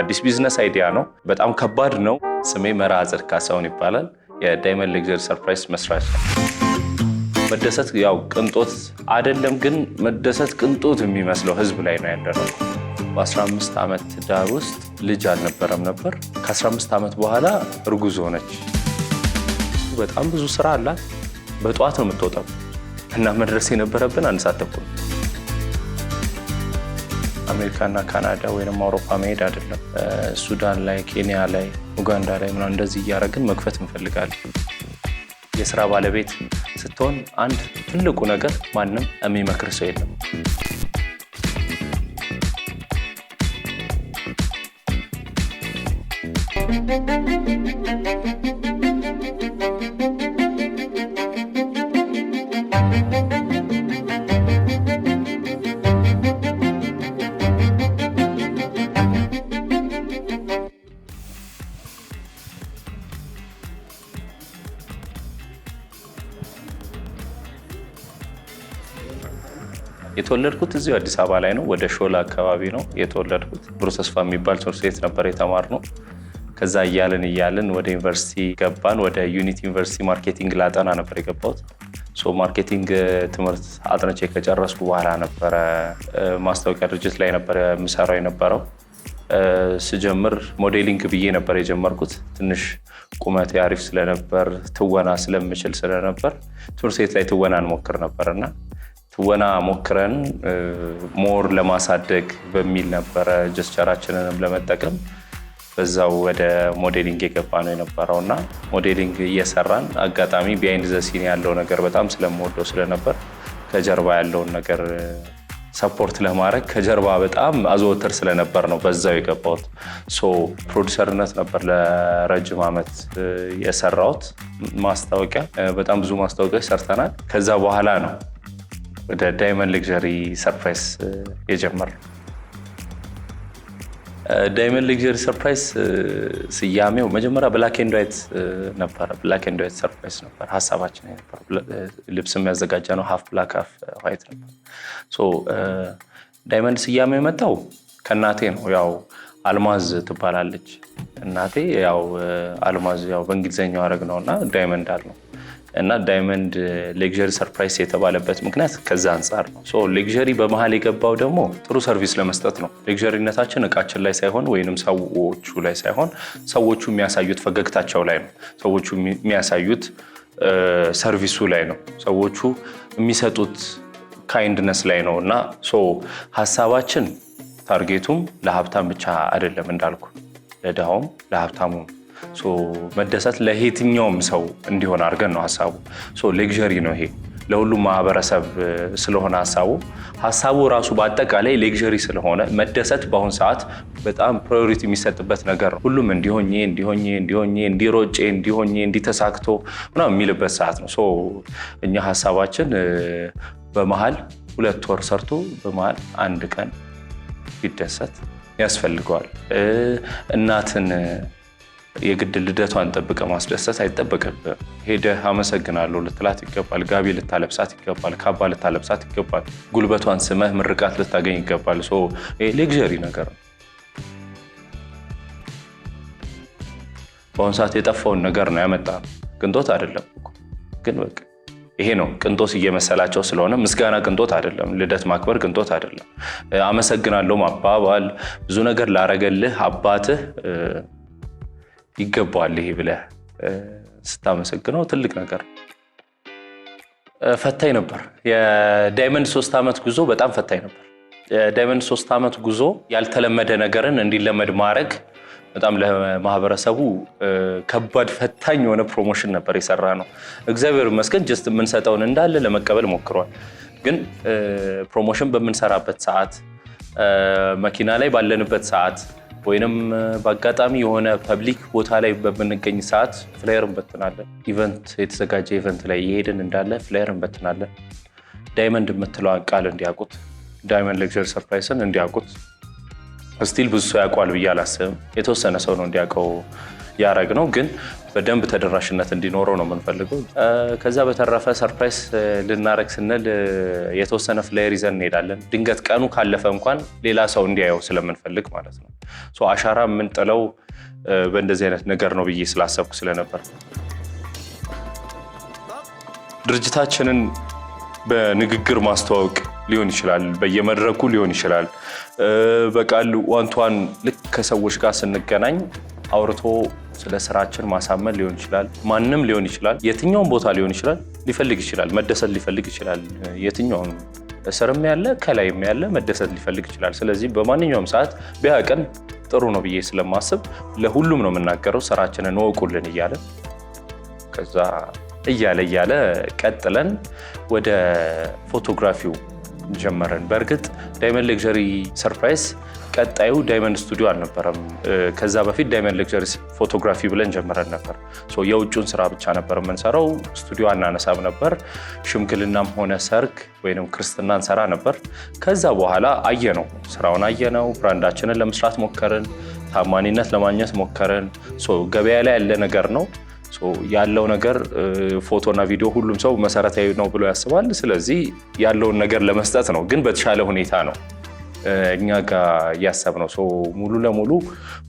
አዲስ ቢዝነስ አይዲያ ነው። በጣም ከባድ ነው። ስሜ መራ ጽድቅ ካሳሁን ይባላል። የዳይመንድ ሌግዘሪ ሰርፕራይዝ መስራች ነው። መደሰት ያው ቅንጦት አይደለም፣ ግን መደሰት ቅንጦት የሚመስለው ህዝብ ላይ ነው ያለነው። በ15 ዓመት ትዳር ውስጥ ልጅ አልነበረም ነበር። ከ15 ዓመት በኋላ እርጉዝ ሆነች። በጣም ብዙ ስራ አላት። በጠዋት ነው የምትወጣው እና መድረስ የነበረብን አንድ ሰዓት ተኩል አሜሪካና ካናዳ ወይም አውሮፓ መሄድ አይደለም። ሱዳን ላይ፣ ኬንያ ላይ፣ ኡጋንዳ ላይ ምናምን እንደዚህ እያደረግን መክፈት እንፈልጋለን። የስራ ባለቤት ስትሆን አንድ ትልቁ ነገር ማንም የሚመክር ሰው የለም። የተወለድኩት እዚሁ አዲስ አበባ ላይ ነው። ወደ ሾላ አካባቢ ነው የተወለድኩት። ብሩ ተስፋ የሚባል ትምህርት ቤት ነበር የተማርነው። ከዛ እያልን እያልን ወደ ዩኒቨርሲቲ ገባን። ወደ ዩኒቲ ዩኒቨርሲቲ ማርኬቲንግ ላጠና ነበር የገባሁት። ሶ ማርኬቲንግ ትምህርት አጥንቼ ከጨረስኩ በኋላ ነበረ ማስታወቂያ ድርጅት ላይ ነበረ የምሰራው የነበረው። ስጀምር ሞዴሊንግ ብዬ ነበር የጀመርኩት። ትንሽ ቁመት አሪፍ ስለነበር ትወና ስለምችል ስለነበር ትምህርት ቤት ላይ ትወና እንሞክር ነበር እና ትወና ሞክረን ሞር ለማሳደግ በሚል ነበረ ጀስቸራችንንም ለመጠቀም በዛው ወደ ሞዴሊንግ የገባ ነው የነበረው እና ሞዴሊንግ እየሰራን አጋጣሚ ቢሃይንድ ዘሲን ያለው ነገር በጣም ስለምወደው ስለነበር ከጀርባ ያለውን ነገር ሰፖርት ለማድረግ ከጀርባ በጣም አዘወትር ስለነበር ነው በዛው የገባሁት። ሶ ፕሮዲሰርነት ነበር ለረጅም ዓመት የሰራሁት። ማስታወቂያ በጣም ብዙ ማስታወቂያዎች ሰርተናል። ከዛ በኋላ ነው ወደ ዳይመንድ ሌክዠሪ ሰርፕራይዝ የጀመርነው። ዳይመንድ ሌክዠሪ ሰርፕራይስ ስያሜው መጀመሪያ ብላክ ኤንድ ዋይት ነበረ። ብላክ ኤንድ ዋይት ሰርፕራይስ ነበር ሀሳባችን ነበር። ልብስ የሚያዘጋጀ ነው ሀፍ ብላክ ሀፍ ዋይት ነበር። ሶ ዳይመንድ ስያሜው የመጣው ከእናቴ ነው። ያው አልማዝ ትባላለች እናቴ። ያው uh, አልማዝ ያው በእንግሊዝኛው አረግ ነው እና ዳይመንድ አልነው እና ዳይመንድ ሌግዠሪ ሰርፕራይስ የተባለበት ምክንያት ከዛ አንጻር ነው። ሶ ሌግዠሪ በመሀል የገባው ደግሞ ጥሩ ሰርቪስ ለመስጠት ነው። ሌግዠሪነታችን እቃችን ላይ ሳይሆን ወይም ሰዎቹ ላይ ሳይሆን ሰዎቹ የሚያሳዩት ፈገግታቸው ላይ ነው። ሰዎቹ የሚያሳዩት ሰርቪሱ ላይ ነው። ሰዎቹ የሚሰጡት ካይንድነስ ላይ ነው እና ሀሳባችን ታርጌቱም ለሀብታም ብቻ አይደለም እንዳልኩ ለድሃውም ለሀብታሙም መደሰት ለየትኛውም ሰው እንዲሆን አድርገን ነው ሀሳቡ። ሌግዠሪ ነው ይሄ ለሁሉም ማህበረሰብ ስለሆነ ሀሳቡ ሀሳቡ ራሱ በአጠቃላይ ሌግዠሪ ስለሆነ መደሰት በአሁን ሰዓት በጣም ፕራዮሪቲ የሚሰጥበት ነገር ነው። ሁሉም እንዲሆኜ እንዲሆኜ እንዲሆኜ እንዲሮጬ እንዲሆኜ እንዲተሳክቶ ምናምን የሚልበት ሰዓት ነው። እኛ ሀሳባችን በመሀል ሁለት ወር ሰርቶ በመሀል አንድ ቀን ቢደሰት ያስፈልገዋል እናትን የግድ ልደቷን ጠብቀ ማስደሰት አይጠበቅብም። ሄደህ አመሰግናለሁ ልትላት ይገባል። ጋቢ ልታለብሳት ይገባል። ካባ ልታለብሳት ይገባል። ጉልበቷን ስመህ ምርቃት ልታገኝ ይገባል። ሌግዠሪ ነገር ነው። በአሁኑ ሰዓት የጠፋውን ነገር ነው ያመጣ ቅንጦት አይደለም። ግን በቃ ይሄ ነው ቅንጦት እየመሰላቸው ስለሆነ፣ ምስጋና ቅንጦት አይደለም። ልደት ማክበር ቅንጦት አይደለም። አመሰግናለሁም አባባል ብዙ ነገር ላረገልህ አባትህ ይገባዋል ይሄ ብለህ ስታመሰግነው ትልቅ ነገር ፈታኝ ነበር። የዳይመንድ ሶስት ዓመት ጉዞ በጣም ፈታኝ ነበር። የዳይመንድ ሶስት ዓመት ጉዞ ያልተለመደ ነገርን እንዲለመድ ማድረግ በጣም ለማህበረሰቡ ከባድ ፈታኝ የሆነ ፕሮሞሽን ነበር የሰራ ነው። እግዚአብሔር ይመስገን ጀስት የምንሰጠውን እንዳለ ለመቀበል ሞክሯል። ግን ፕሮሞሽን በምንሰራበት ሰዓት፣ መኪና ላይ ባለንበት ሰዓት ወይንም በአጋጣሚ የሆነ ፐብሊክ ቦታ ላይ በምንገኝ ሰዓት ፍላየር እንበትናለን። ኢቨንት የተዘጋጀ ኢቨንት ላይ እየሄድን እንዳለ ፍላየር እንበትናለን። ዳይመንድ የምትለዋን ቃል እንዲያውቁት፣ ዳይመንድ ሌክቸር ሰርፕራይስን እንዲያውቁት። ስቲል ብዙ ሰው ያውቋል ብዬ አላስብም። የተወሰነ ሰው ነው እንዲያውቀው ያረግ ነው ግን በደንብ ተደራሽነት እንዲኖረው ነው የምንፈልገው። ከዛ በተረፈ ሰርፕራይስ ልናረግ ስንል የተወሰነ ፍላየር ይዘን እንሄዳለን። ድንገት ቀኑ ካለፈ እንኳን ሌላ ሰው እንዲያየው ስለምንፈልግ ማለት ነው። አሻራ የምንጥለው በእንደዚህ አይነት ነገር ነው ብዬ ስላሰብኩ ስለነበር ድርጅታችንን በንግግር ማስተዋወቅ ሊሆን ይችላል፣ በየመድረኩ ሊሆን ይችላል። በቃል ዋንቷን ልክ ከሰዎች ጋር ስንገናኝ አውርቶ ስለ ስራችን ማሳመን ሊሆን ይችላል። ማንም ሊሆን ይችላል። የትኛውም ቦታ ሊሆን ይችላል። ሊፈልግ ይችላል። መደሰት ሊፈልግ ይችላል። የትኛውም ስርም ያለ ከላይም ያለ መደሰት ሊፈልግ ይችላል። ስለዚህ በማንኛውም ሰዓት ቢያቀን ጥሩ ነው ብዬ ስለማስብ ለሁሉም ነው የምናገረው፣ ስራችንን እወቁልን እያለ ከዛ እያለ እያለ ቀጥለን ወደ ፎቶግራፊው ጀመረን። በእርግጥ ዳይመንድ ሌክዠሪ ሰርፕራይዝ ቀጣዩ ዳይመንድ ስቱዲዮ አልነበረም። ከዛ በፊት ዳይመንድ ሌክቸርስ ፎቶግራፊ ብለን ጀምረን ነበር። የውጭውን ስራ ብቻ ነበር የምንሰራው። ስቱዲዮ አናነሳም ነበር። ሽምግልናም ሆነ ሰርግ ወይም ክርስትና እንሰራ ነበር። ከዛ በኋላ አየ ነው ስራውን አየ ነው። ብራንዳችንን ለመስራት ሞከርን። ታማኒነት ለማግኘት ሞከርን። ገበያ ላይ ያለ ነገር ነው ያለው ነገር ፎቶና ቪዲዮ ሁሉም ሰው መሰረታዊ ነው ብሎ ያስባል። ስለዚህ ያለውን ነገር ለመስጠት ነው፣ ግን በተሻለ ሁኔታ ነው እኛ ጋር እያሰብ ነው። ሙሉ ለሙሉ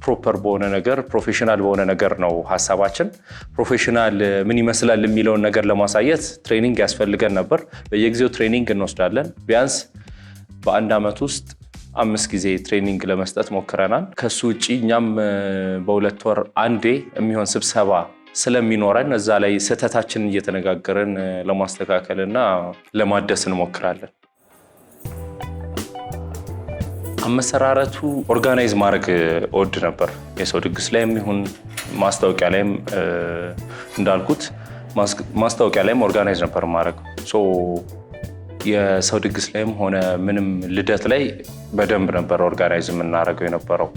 ፕሮፐር በሆነ ነገር ፕሮፌሽናል በሆነ ነገር ነው ሀሳባችን። ፕሮፌሽናል ምን ይመስላል የሚለውን ነገር ለማሳየት ትሬኒንግ ያስፈልገን ነበር። በየጊዜው ትሬኒንግ እንወስዳለን። ቢያንስ በአንድ ዓመት ውስጥ አምስት ጊዜ ትሬኒንግ ለመስጠት ሞክረናል። ከሱ ውጭ እኛም በሁለት ወር አንዴ የሚሆን ስብሰባ ስለሚኖረን እዛ ላይ ስህተታችንን እየተነጋገርን ለማስተካከል ለማደስ እንሞክራለን። አመሰራረቱ ኦርጋናይዝ ማድረግ ወድ ነበር። የሰው ድግስ ላይም ይሁን ማስታወቂያ ላይም እንዳልኩት ማስታወቂያ ላይም ኦርጋናይዝ ነበር ማድረግ። የሰው ድግስ ላይም ሆነ ምንም ልደት ላይ በደንብ ነበር ኦርጋናይዝ የምናደርገው የነበረው።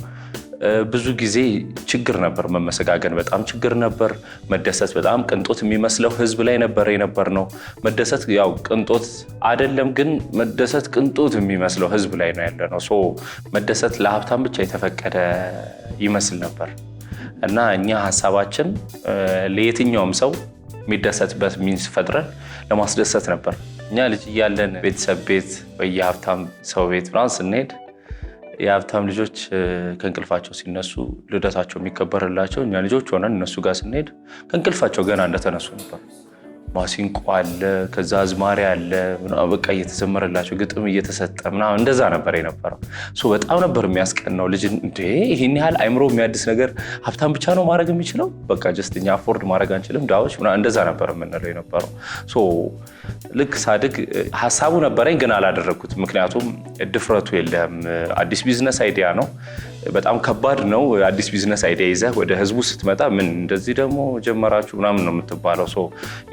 ብዙ ጊዜ ችግር ነበር፣ መመሰጋገን በጣም ችግር ነበር። መደሰት በጣም ቅንጦት የሚመስለው ህዝብ ላይ ነበር የነበር ነው። መደሰት ያው ቅንጦት አይደለም፣ ግን መደሰት ቅንጦት የሚመስለው ህዝብ ላይ ነው ያለ ነው። መደሰት ለሀብታም ብቻ የተፈቀደ ይመስል ነበር እና እኛ ሀሳባችን ለየትኛውም ሰው የሚደሰትበት ሚንስ ፈጥረን ለማስደሰት ነበር። እኛ ልጅ እያለን ቤተሰብ ቤት በየሀብታም ሰው ቤት ምናምን ስንሄድ የሀብታም ልጆች ከእንቅልፋቸው ሲነሱ ልደታቸው የሚከበርላቸው እኛ ልጆች ሆነን እነሱ ጋር ስንሄድ ከእንቅልፋቸው ገና እንደተነሱ ነበር። ማሲንቆ አለ፣ ከዛ አዝማሪ አለ። በቃ እየተዘመረላቸው ግጥም እየተሰጠ ምናምን እንደዛ ነበር የነበረው። በጣም ነበር የሚያስቀናው። ልጅ ይህን ያህል አይምሮ የሚያድስ ነገር ሀብታም ብቻ ነው ማድረግ የሚችለው። በቃ ጀስት እኛ አፎርድ ማድረግ አንችልም ዳዎች እንደዛ ነበር የምንለው የነበረው። ልክ ሳድግ ሀሳቡ ነበረኝ፣ ግን አላደረግኩት። ምክንያቱም ድፍረቱ የለም። አዲስ ቢዝነስ አይዲያ ነው በጣም ከባድ ነው። አዲስ ቢዝነስ አይዲያ ይዘህ ወደ ህዝቡ ስትመጣ ምን እንደዚህ ደግሞ ጀመራችሁ ምናምን ነው የምትባለው። ሰው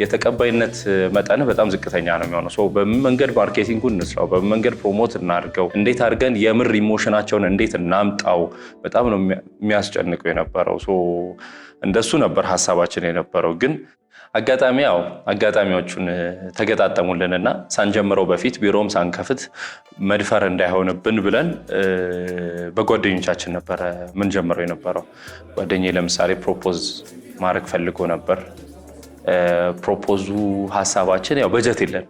የተቀባይነት መጠን በጣም ዝቅተኛ ነው የሚሆነው። ሶ በምን መንገድ ማርኬቲንጉን እንስራው፣ በምን መንገድ ፕሮሞት እናድርገው፣ እንዴት አድርገን የምር ኢሞሽናቸውን እንዴት እናምጣው፣ በጣም ነው የሚያስጨንቀው የነበረው። እንደሱ ነበር ሀሳባችን የነበረው ግን አጋጣሚ ያው አጋጣሚዎቹን ተገጣጠሙልንና ሳንጀምረው በፊት ቢሮም ሳንከፍት መድፈር እንዳይሆንብን ብለን በጓደኞቻችን ነበረ ምን ጀምረው የነበረው። ጓደኛ ለምሳሌ ፕሮፖዝ ማድረግ ፈልጎ ነበር። ፕሮፖዙ ሀሳባችን ያው በጀት የለን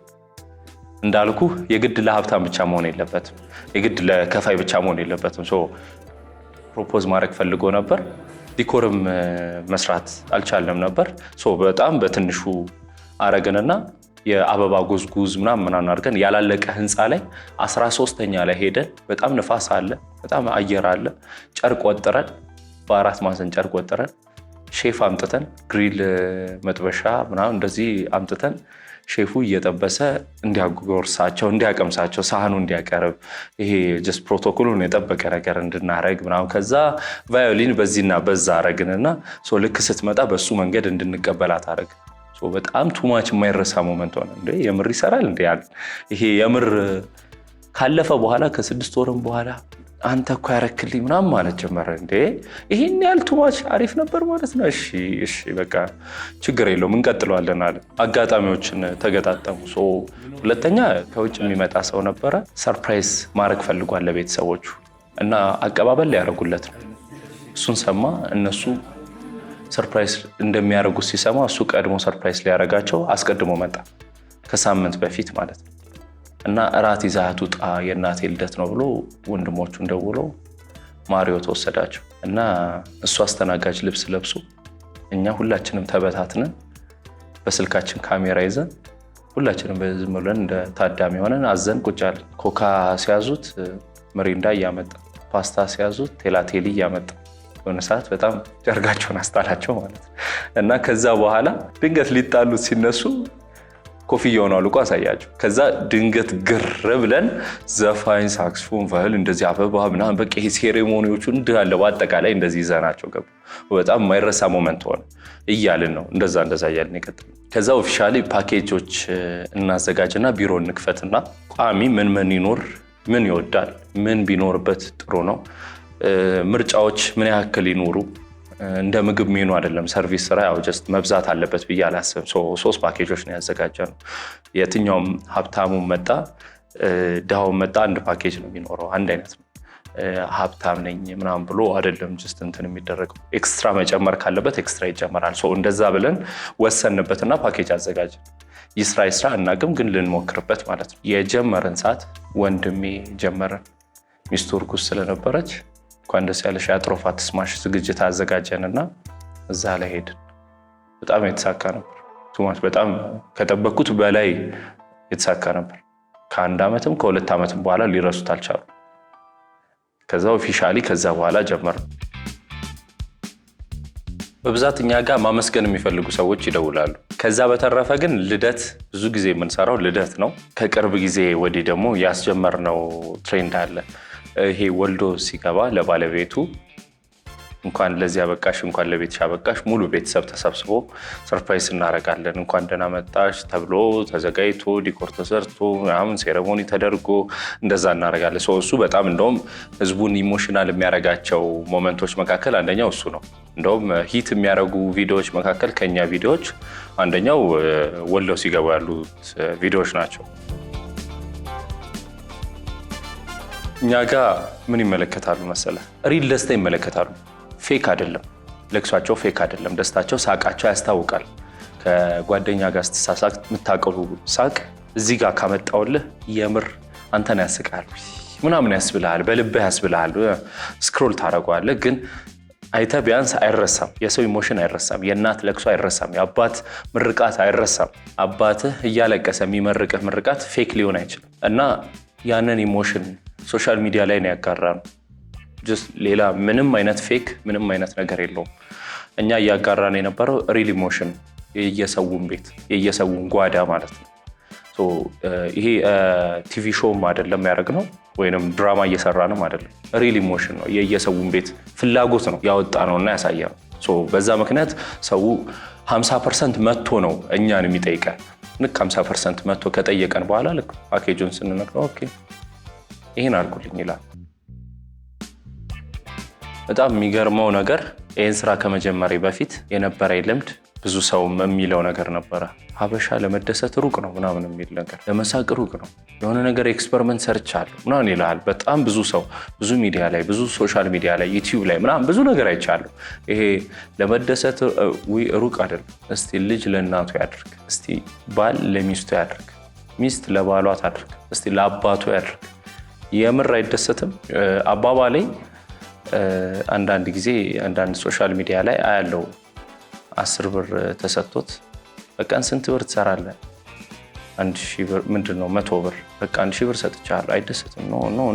እንዳልኩ የግድ ለሀብታም ብቻ መሆን የለበትም፣ የግድ ለከፋይ ብቻ መሆን የለበትም። ፕሮፖዝ ማድረግ ፈልጎ ነበር ዲኮርም መስራት አልቻለም ነበር። በጣም በትንሹ አረግንና የአበባ ጉዝጉዝ ምናምን ምናምን አድርገን ያላለቀ ህንፃ ላይ አስራ ሶስተኛ ላይ ሄደን በጣም ንፋስ አለ፣ በጣም አየር አለ። ጨርቅ ወጥረን በአራት ማዕዘን ጨርቅ ወጥረን ሼፍ አምጥተን ግሪል መጥበሻ ምናምን እንደዚህ አምጥተን ሼፉ እየጠበሰ እንዲያጎርሳቸው እንዲያቀምሳቸው ሳህኑ እንዲያቀርብ ይሄ ጀስት ፕሮቶኮሉን የጠበቀ ነገር እንድናረግ ምናምን ከዛ ቫዮሊን በዚህና በዛ አረግንና ልክ ስትመጣ በሱ መንገድ እንድንቀበላት አረግ በጣም ቱማች የማይረሳ ሞመንት ሆነ። እንደ የምር ይሰራል እንደ ይሄ የምር ካለፈ በኋላ ከስድስት ወርም በኋላ አንተ እኮ ያረክልኝ ምናምን ማለት ጀመረ። እንዴ ይህን ያህል ቱማች አሪፍ ነበር ማለት ነው። እሺ እሺ በቃ ችግር የለውም እንቀጥለዋለን አለ። አጋጣሚዎችን ተገጣጠሙ። ሁለተኛ ከውጭ የሚመጣ ሰው ነበረ። ሰርፕራይዝ ማድረግ ፈልጓል ለቤተሰቦቹ እና አቀባበል ሊያደርጉለት ነው። እሱን ሰማ። እነሱ ሰርፕራይዝ እንደሚያደርጉት ሲሰማ እሱ ቀድሞ ሰርፕራይዝ ሊያደርጋቸው አስቀድሞ መጣ፣ ከሳምንት በፊት ማለት ነው። እና እራት ይዛት ውጣ የእናቴ ልደት ነው ብሎ ወንድሞቹን ደውሎ ማሪዮ ተወሰዳቸው እና እሱ አስተናጋጅ ልብስ ለብሶ እኛ ሁላችንም ተበታትነን በስልካችን ካሜራ ይዘን ሁላችንም በዝም ብለን እንደ ታዳሚ ሆነን አዘን ቁጭ አለን። ኮካ ሲያዙት ምሪንዳ እያመጣ ፓስታ ሲያዙት ቴላቴሊ እያመጣ የሆነ ሰዓት በጣም ጨርጋቸውን አስጣላቸው ማለት እና ከዛ በኋላ ድንገት ሊጣሉት ሲነሱ ኮፍያውን አውልቆ አሳያቸው። ከዛ ድንገት ግር ብለን ዘፋኝ፣ ሳክስፎን፣ ቫዮል እንደዚህ አበባ ምናምን በቃ ይሄ ሴሬሞኒዎቹ እንዳለ በአጠቃላይ እንደዚህ ይዘናቸው ገቡ። በጣም የማይረሳ ሞመንት ሆነ። እያልን ነው እንደዛ እንደዛ እያልን ይቀጥል። ከዛ ኦፊሻሊ ፓኬጆች እናዘጋጅና ቢሮ እንክፈትና ቋሚ ምን ምን ይኖር ምን ይወዳል ምን ቢኖርበት ጥሩ ነው ምርጫዎች ምን ያክል ይኖሩ እንደ ምግብ ሚኑ አይደለም ሰርቪስ ስራ ያው ጀስት መብዛት አለበት ብዬ አላስብም። ሶስት ፓኬጆች ነው ያዘጋጀ ነው። የትኛውም ሀብታሙ መጣ ድሃውም መጣ አንድ ፓኬጅ ነው የሚኖረው፣ አንድ አይነት ነው። ሀብታም ነኝ ምናምን ብሎ አይደለም ጀስት እንትን የሚደረገው። ኤክስትራ መጨመር ካለበት ኤክስትራ ይጨመራል። እንደዛ ብለን ወሰንበትና ፓኬጅ አዘጋጀ። ይስራ ይስራ አናውቅም፣ ግን ልንሞክርበት ማለት ነው። የጀመርን ሰዓት ወንድሜ ጀመረን። ሚስቱ እርጉዝ ስለነበረች እንኳን ደስ ያለሽ ስማሽ ዝግጅት አዘጋጀን እና እዛ ላይ ሄድን። በጣም የተሳካ ነበር። ቱማት በጣም ከጠበቅኩት በላይ የተሳካ ነበር። ከአንድ ዓመትም ከሁለት ዓመትም በኋላ ሊረሱት አልቻሉ። ከዛ ኦፊሻሊ ከዛ በኋላ ጀመር። በብዛት እኛ ጋር ማመስገን የሚፈልጉ ሰዎች ይደውላሉ። ከዛ በተረፈ ግን ልደት ብዙ ጊዜ የምንሰራው ልደት ነው። ከቅርብ ጊዜ ወዲህ ደግሞ ያስጀመርነው ትሬንድ አለ ይሄ ወልዶ ሲገባ ለባለቤቱ እንኳን ለዚህ አበቃሽ፣ እንኳን ለቤትሽ አበቃሽ፣ ሙሉ ቤተሰብ ተሰብስቦ ሰርፕራይዝ እናደርጋለን። እንኳን ደህና መጣሽ ተብሎ ተዘጋጅቶ ዲኮር ተሰርቶ ምናምን ሴረሞኒ ተደርጎ እንደዛ እናደርጋለን። ሰው እሱ በጣም እንደውም ህዝቡን ኢሞሽናል የሚያደርጋቸው ሞመንቶች መካከል አንደኛው እሱ ነው። እንደውም ሂት የሚያደርጉ ቪዲዮዎች መካከል ከኛ ቪዲዮዎች አንደኛው ወልደው ሲገቡ ያሉት ቪዲዮዎች ናቸው። እኛ ጋር ምን ይመለከታሉ መሰለ? ሪል ደስታ ይመለከታሉ። ፌክ አይደለም፣ ለቅሷቸው ፌክ አይደለም፣ ደስታቸው፣ ሳቃቸው ያስታውቃል። ከጓደኛ ጋር ስትሳሳቅ የምታቀሉ ሳቅ እዚህ ጋር ካመጣውልህ የምር አንተን ያስቃል ምናምን ያስብልሃል፣ በልብህ ያስብልሃል። ስክሮል ታደርገዋለህ ግን አይተ ቢያንስ አይረሳም። የሰው ኢሞሽን አይረሳም። የእናት ለቅሶ አይረሳም። የአባት ምርቃት አይረሳም። አባትህ እያለቀሰ የሚመርቅህ ምርቃት ፌክ ሊሆን አይችልም እና ያንን ኢሞሽን ሶሻል ሚዲያ ላይ ነው ያጋራ ነው። ሌላ ምንም አይነት ፌክ ምንም አይነት ነገር የለውም። እኛ እያጋራን የነበረው ሪል ኢሞሽን የየሰውን ቤት የየሰውን ጓዳ ማለት ነው። uh, ይሄ ቲቪ uh, ሾውም አይደለም ነው ወይም ድራማ እየሰራንም አይደለም። ሪል ኢሞሽን ነው የየሰውን ቤት ፍላጎት ነው ያሳየ ነው። በዛ ምክንያት ሰው 50 ፐርሰንት መጥቶ ነው እኛን የሚጠይቀን። ልክ 50 ፐርሰንት መጥቶ ከጠየቀን በኋላ ልክ ፓኬጁን ስንነግረው ኦኬ ይህን አድርጉልኝ ይላል። በጣም የሚገርመው ነገር ይህን ስራ ከመጀመሪ በፊት የነበረ ልምድ ብዙ ሰው የሚለው ነገር ነበረ። ሀበሻ ለመደሰት ሩቅ ነው ምናምን የሚል ነገር፣ ለመሳቅ ሩቅ ነው የሆነ ነገር ኤክስፐሪመንት ሰርቻለሁ ምናምን ይልሃል። በጣም ብዙ ሰው ብዙ ሚዲያ ላይ ብዙ ሶሻል ሚዲያ ላይ ዩቲዩብ ላይ ምናምን ብዙ ነገር አይቻለሁ። ይሄ ለመደሰት ሩቅ አይደለም። እስቲ ልጅ ለእናቱ ያድርግ፣ እስቲ ባል ለሚስቱ ያድርግ፣ ሚስት ለባሏ ታድርግ፣ እስቲ ለአባቱ ያድርግ። የምር አይደሰትም። አባባሌ አንዳንድ ጊዜ አንዳንድ ሶሻል ሚዲያ ላይ አያለው። አስር ብር ተሰጥቶት በቀን ስንት ብር ትሰራለህ? አንድ ሺህ ብር ምንድን ነው መቶ ብር በቃ አንድ ሺህ ብር ሰጥቻለሁ። አይደሰትም።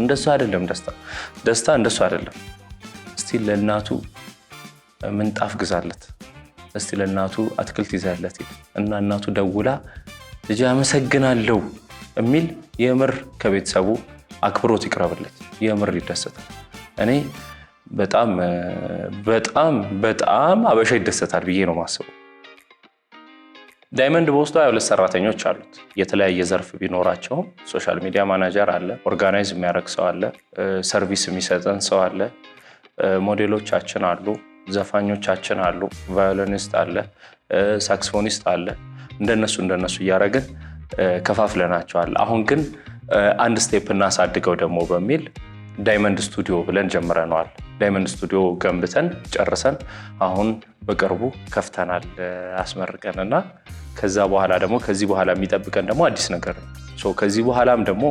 እንደሱ አይደለም ደስታ። ደስታ እንደሱ አይደለም። እስቲ ለእናቱ ምንጣፍ ግዛለት፣ እስቲ ለእናቱ አትክልት ይዛለት እና እናቱ ደውላ ልጅ አመሰግናለሁ የሚል የምር ከቤተሰቡ አክብሮት ይቅረብለት። የምር ይደሰታል። እኔ በጣም በጣም በጣም አበሻ ይደሰታል ብዬ ነው የማስበው ዳይመንድ በውስጡ ሀያ ሁለት ሰራተኞች አሉት። የተለያየ ዘርፍ ቢኖራቸውም ሶሻል ሚዲያ ማናጀር አለ፣ ኦርጋናይዝ የሚያደርግ ሰው አለ፣ ሰርቪስ የሚሰጠን ሰው አለ፣ ሞዴሎቻችን አሉ፣ ዘፋኞቻችን አሉ፣ ቫዮሊኒስት አለ፣ ሳክስፎኒስት አለ። እንደነሱ እንደነሱ እያደረግን ከፋፍለናቸዋል። አሁን ግን አንድ ስቴፕ እናሳድገው ደግሞ በሚል ዳይመንድ ስቱዲዮ ብለን ጀምረነዋል። ዳይመንድ ስቱዲዮ ገንብተን ጨርሰን አሁን በቅርቡ ከፍተናል አስመርቀን እና ከዛ በኋላ ደግሞ ከዚህ በኋላ የሚጠብቀን ደግሞ አዲስ ነገር ነው። ከዚህ በኋላም ደግሞ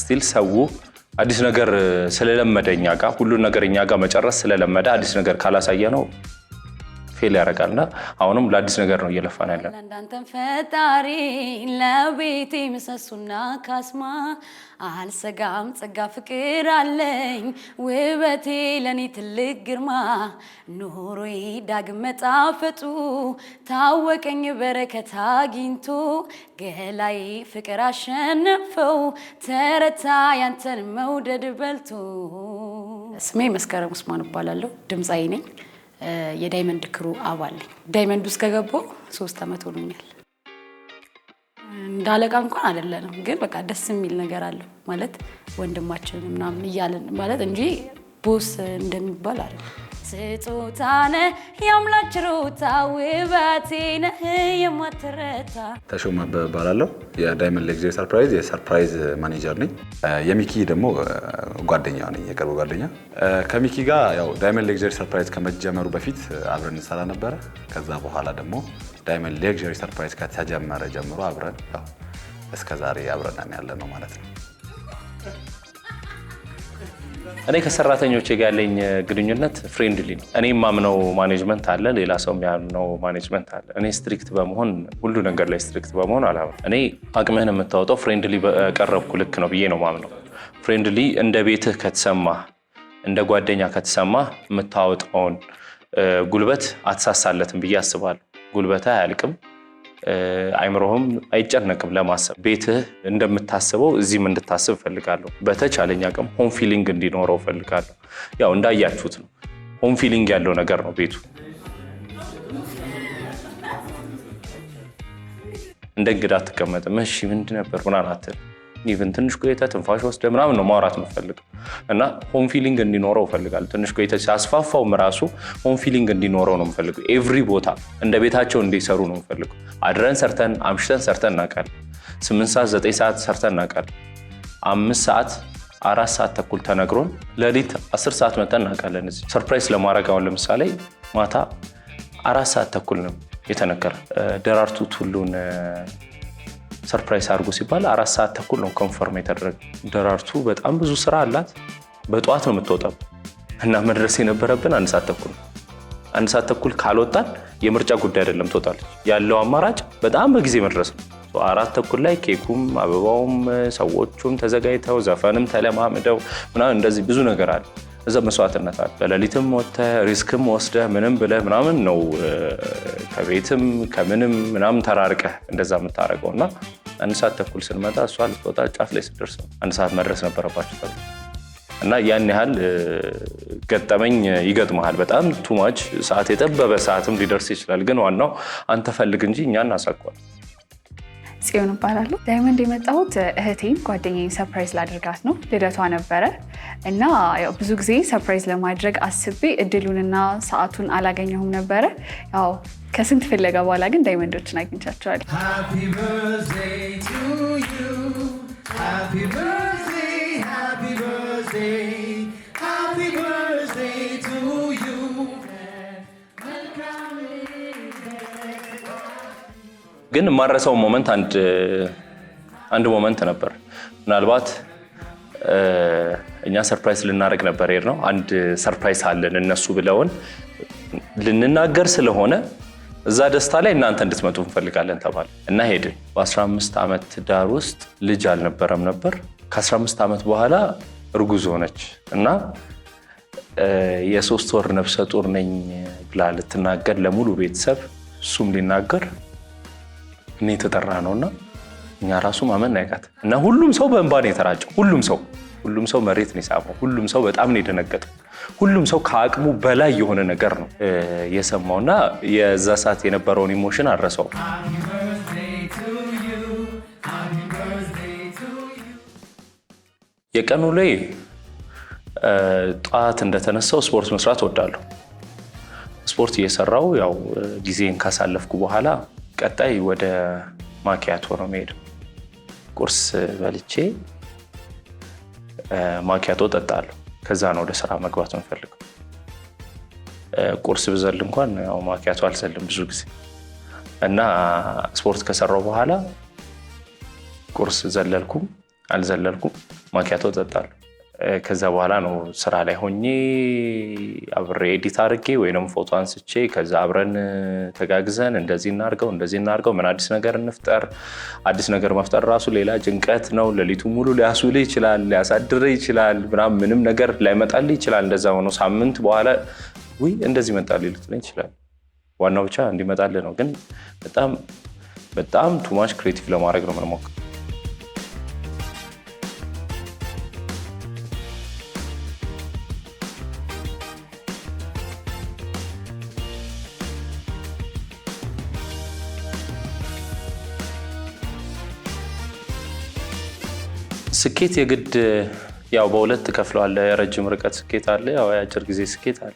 ስቲል ሰው አዲስ ነገር ስለለመደ እኛ ጋር ሁሉን ነገር እኛ ጋር መጨረስ ስለለመደ አዲስ ነገር ካላሳየ ነው ፌል ያደርጋል እና አሁንም ለአዲስ ነገር ነው ነው ያለ። ለእንዳንተን ፈጣሪ ለቤት ምሰሱና ካስማ አልሰጋም ጸጋ ፍቅር አለኝ ውበቴ ለእኔ ትልቅ ግርማ ኖሮዬ ዳግም መጣፈጡ ታወቀኝ በረከት አግኝቶ ገላዬ ፍቅር አሸነፈው ተረታ ያንተን መውደድ በልቶ። ስሜ መስከረም ውስማን እባላለሁ። ድምፃዊ ነኝ። የዳይመንድ ክሩ አባል ነኝ። ዳይመንድ ውስጥ ከገባሁ ሶስት ዓመት ሆኖኛል። እንደ አለቃ እንኳን አይደለንም፣ ግን በቃ ደስ የሚል ነገር አለ ማለት ወንድማችን ምናምን እያለን ማለት እንጂ ቦስ እንደሚባል አይደለም። ስጦታ ነህ የአምላክ ችሮታ ውበቴ የማትረታ። ተሾመ እባላለሁ የዳይመንድ ሌግዘሪ ሰርፕራይዝ የሰርፕራይዝ ማኔጀር ነኝ። የሚኪ ደግሞ ጓደኛ ነኝ የቅርብ ጓደኛ። ከሚኪ ጋር ያው ዳይመንድ ሌግዘሪ ሰርፕራይዝ ከመጀመሩ በፊት አብረን እንሰራ ነበረ። ከዛ በኋላ ደግሞ ዳይመንድ ሌግዘሪ ሰርፕራይዝ ከተጀመረ ጀምሮ አብረን እስከ ዛሬ አብረናን ያለ ነው ማለት ነው። እኔ ከሰራተኞች ጋር ያለኝ ግንኙነት ፍሬንድሊ ነው። እኔ የማምነው ማኔጅመንት አለ፣ ሌላ ሰው የሚያምነው ማኔጅመንት አለ። እኔ ስትሪክት በመሆን ሁሉ ነገር ላይ ስትሪክት በመሆን አላምነው። እኔ አቅምህን የምታወጣው ፍሬንድሊ በቀረብኩ ልክ ነው ብዬ ነው ማምነው። ፍሬንድሊ እንደ ቤትህ ከተሰማ፣ እንደ ጓደኛ ከተሰማ የምታወጣውን ጉልበት አትሳሳለትም ብዬ አስባለሁ። ጉልበትህ አያልቅም። አይምሮህም አይጨነቅም ለማሰብ ቤትህ እንደምታስበው እዚህም እንድታስብ ፈልጋለሁ በተቻለኝ አቅም ሆም ፊሊንግ እንዲኖረው ፈልጋለሁ ያው እንዳያችሁት ነው፣ ሆም ፊሊንግ ያለው ነገር ነው ቤቱ። እንደ እንግዳ አትቀመጥም። እሺ ምንድን ነበር ምናምን አትልም ኢቨን ትንሽ ቆይተ ትንፋሽ ወስደ ምናምን ነው ማውራት የምፈልገው እና ሆም ፊሊንግ እንዲኖረው እፈልጋለሁ። ትንሽ ቆይተ ሲያስፋፋውም ራሱ ሆም ፊሊንግ እንዲኖረው ነው የምፈልገው። ኤቭሪ ቦታ እንደ ቤታቸው እንዲሰሩ ነው የምፈልገው። አድረን ሰርተን አምሽተን ሰርተን እናውቃለን። ስምንት ሰዓት ዘጠኝ ሰዓት ሰርተን እናውቃለን። አምስት ሰዓት አራት ሰዓት ተኩል ተነግሮን ሌሊት አስር ሰዓት መጠን እናውቃለን። እዚህ ሰርፕራይዝ ለማድረግ አሁን ለምሳሌ ማታ አራት ሰዓት ተኩል ነው የተነገረ ደራርቱ ቱሉን ሰርፕራይዝ አድርጎ ሲባል አራት ሰዓት ተኩል ነው ኮንፎርም የተደረገ። ደራርቱ በጣም ብዙ ስራ አላት። በጠዋት ነው የምትወጣው እና መድረስ የነበረብን አንድ ሰዓት ተኩል ነው። አንድ ሰዓት ተኩል ካልወጣን የምርጫ ጉዳይ አይደለም ትወጣለች። ያለው አማራጭ በጣም በጊዜ መድረስ ነው። አራት ተኩል ላይ ኬኩም አበባውም ሰዎቹም ተዘጋጅተው ዘፈንም ተለማምደው ምናምን እንደዚህ ብዙ ነገር አለ። እዛ መስዋዕትነት አለ። በሌሊትም ወጥተህ ሪስክም ወስደ ምንም ብለ ምናምን ነው ከቤትም ከምንም ምናምን ተራርቀ እንደዛ የምታደርገው እና አንድ ሰዓት ተኩል ስንመጣ እሷ ልትወጣ ጫፍ ላይ ስደርስ ነው አንድ ሰዓት መድረስ ነበረባቸው እና ያን ያህል ገጠመኝ ይገጥመሃል። በጣም ቱማች ሰዓት የጠበበ ሰዓትም ሊደርስ ይችላል። ግን ዋናው አንተ ፈልግ እንጂ እኛ አሳቋል ጽዮን እባላለሁ። ዳይመንድ የመጣሁት እህቴን ጓደኛዬን ሰርፕራይዝ ላድርጋት ነው። ልደቷ ነበረ እና ያው ብዙ ጊዜ ሰርፕራይዝ ለማድረግ አስቤ እድሉንና ሰዓቱን አላገኘሁም ነበረ። ያው ከስንት ፍለጋ በኋላ ግን ዳይመንዶችን አግኝቻቸዋለሁ። ግን የማረሰው ሞመንት አንድ ሞመንት ነበር። ምናልባት እኛ ሰርፕራይዝ ልናደርግ ነበር ሄድ ነው። አንድ ሰርፕራይዝ አለን እነሱ ብለውን ልንናገር ስለሆነ እዛ ደስታ ላይ እናንተ እንድትመጡ እንፈልጋለን ተባለ እና ሄድን። በ15 ዓመት ዳር ውስጥ ልጅ አልነበረም ነበር። ከ15 ዓመት በኋላ እርጉዝ ሆነች እና የሶስት ወር ነፍሰ ጡር ነኝ ብላ ልትናገር ለሙሉ ቤተሰብ እሱም ሊናገር እኔ የተጠራ እና እኛ ራሱ ማመን አይቃት እና ሁሉም ሰው በእንባ ነው የተራጨው። ሁሉም ሰው ሁሉም ሰው መሬት ነው የሳበው። ሁሉም ሰው በጣም ነው የደነገጠው። ሁሉም ሰው ከአቅሙ በላይ የሆነ ነገር ነው የሰማውና የዛ ሰዓት የነበረውን ኢሞሽን አረሰው። የቀኑ ላይ ጠዋት እንደተነሳው ስፖርት መስራት እወዳለሁ። ስፖርት እየሰራው ያው ጊዜን ካሳለፍኩ በኋላ ቀጣይ ወደ ማኪያቶ ነው የምሄደው። ቁርስ በልቼ ማኪያቶ ጠጣለሁ። ከዛ ነው ወደ ስራ መግባት የምፈልገው። ቁርስ ብዘል እንኳን ያው ማኪያቶ አልዘልም ብዙ ጊዜ እና ስፖርት ከሰራው በኋላ ቁርስ ዘለልኩም አልዘለልኩም ማኪያቶ ጠጣለሁ። ከዛ በኋላ ነው ስራ ላይ ሆኜ አብሬ ኤዲት አድርጌ ወይም ፎቶ አንስቼ ከዛ አብረን ተጋግዘን እንደዚህ እናርገው እንደዚህ እናርገው ምን አዲስ ነገር እንፍጠር። አዲስ ነገር መፍጠር ራሱ ሌላ ጭንቀት ነው። ሌሊቱ ሙሉ ሊያሱል ይችላል፣ ሊያሳድር ይችላል፣ ምናምን ምንም ነገር ላይመጣል ይችላል። እንደዛ ሆኖ ሳምንት በኋላ ውይ እንደዚህ መጣል ሊሉት ይችላል። ዋናው ብቻ እንዲመጣል ነው። ግን በጣም በጣም ቱማች ክሬቲቭ ለማድረግ ነው ምንሞክር ስኬት የግድ ያው በሁለት አለ የረጅም ርቀት ስኬት አለ፣ ያው የአጭር ጊዜ ስኬት አለ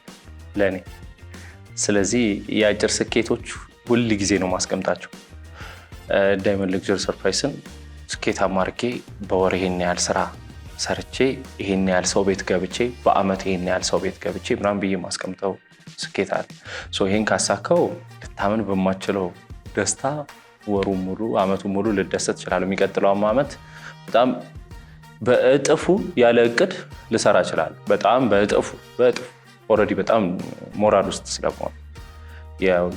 ለእኔ። ስለዚህ የአጭር ስኬቶች ሁል ጊዜ ነው ማስቀምጣቸው። ዳይመንድ ሌክቸር ሰርፕራይስን ስኬት አማርኬ በወር ይሄን ያህል ስራ ሰርቼ ይሄን ያህል ሰው ቤት ገብቼ በአመት ይሄን ያህል ሰው ቤት ገብቼ ምናም ብዬ ማስቀምጠው ስኬት አለ። ይሄን ካሳካው ልታምን በማችለው ደስታ ወሩ ሙሉ አመቱ ሙሉ ልደሰት እችላለሁ። የሚቀጥለውም አመት በጣም በእጥፉ ያለ እቅድ ልሰራ እችላለሁ። በጣም በእጥፉ በእጥፉ ኦልሬዲ በጣም ሞራል ውስጥ ስለመሆን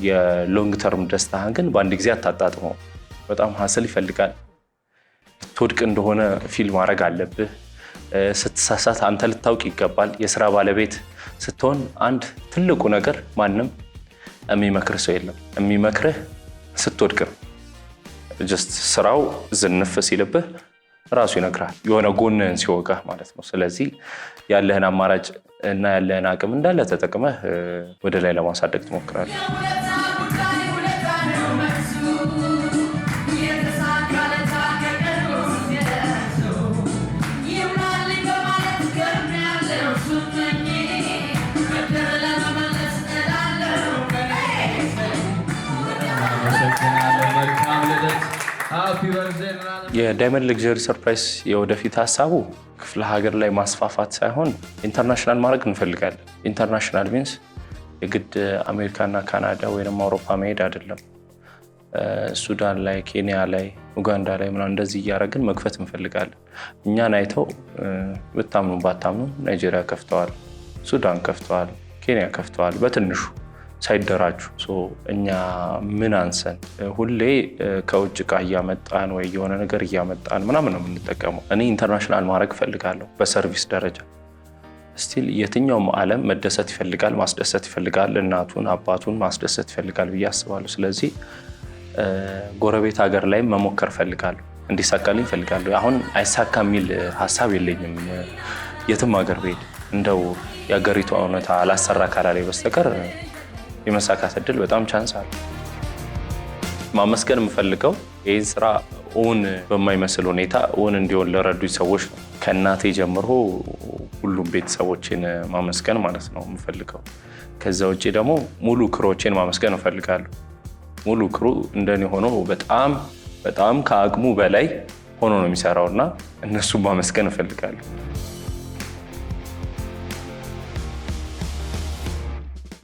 የሎንግ ተርም ደስታህን ግን በአንድ ጊዜ አታጣጥመው። በጣም ሀስል ይፈልጋል። ትወድቅ እንደሆነ ፊል ማድረግ አለብህ። ስትሳሳት አንተ ልታውቅ ይገባል። የስራ ባለቤት ስትሆን አንድ ትልቁ ነገር ማንም የሚመክርህ ሰው የለም። የሚመክርህ ስትወድቅ ነው። ጀስት ስራው ዝንፍ ሲልብህ ራሱ ይነግራል፣ የሆነ ጎንህን ሲወጋ ማለት ነው። ስለዚህ ያለህን አማራጭ እና ያለህን አቅም እንዳለ ተጠቅመህ ወደ ላይ ለማሳደግ ትሞክራለህ። መልካም ልደት የዳይመንድ ሌክዠሪ ሰርፕራይዝ የወደፊት ሀሳቡ ክፍለ ሀገር ላይ ማስፋፋት ሳይሆን ኢንተርናሽናል ማድረግ እንፈልጋለን። ኢንተርናሽናል ሚንስ የግድ አሜሪካና ካናዳ ወይም አውሮፓ መሄድ አይደለም። ሱዳን ላይ፣ ኬንያ ላይ፣ ኡጋንዳ ላይ ምናምን እንደዚህ እያደረግን መክፈት እንፈልጋለን። እኛን አይተው ብታምኑ ባታምኑ ናይጄሪያ ከፍተዋል፣ ሱዳን ከፍተዋል፣ ኬንያ ከፍተዋል በትንሹ ሳይደራጁ እኛ ምን አንሰን ሁሌ ከውጭ እቃ እያመጣን ወይ የሆነ ነገር እያመጣን ምናምን ነው የምንጠቀመው። እኔ ኢንተርናሽናል ማድረግ እፈልጋለሁ በሰርቪስ ደረጃ ስቲል የትኛውም ዓለም መደሰት ይፈልጋል፣ ማስደሰት ይፈልጋል፣ እናቱን አባቱን ማስደሰት ይፈልጋል ብዬ አስባለሁ። ስለዚህ ጎረቤት ሀገር ላይ መሞከር እፈልጋለሁ፣ እንዲሳካልኝ እፈልጋለሁ። አሁን አይሳካ የሚል ሀሳብ የለኝም። የትም ሀገር ብሄድ እንደው የሀገሪቷ እውነታ አላሰራ ካላለኝ በስተቀር የመሳካት እድል በጣም ቻንስ አለ። ማመስገን የምፈልገው ይህን ስራ እውን በማይመስል ሁኔታ እውን እንዲሆን ለረዱኝ ሰዎች ነው። ከእናቴ ጀምሮ ሁሉም ቤተሰቦችን ማመስገን ማለት ነው የምፈልገው። ከዛ ውጭ ደግሞ ሙሉ ክሮቼን ማመስገን እፈልጋለሁ። ሙሉ ክሩ እንደኔ ሆኖ በጣም በጣም ከአቅሙ በላይ ሆኖ ነው የሚሰራው እና እነሱን ማመስገን እፈልጋለሁ።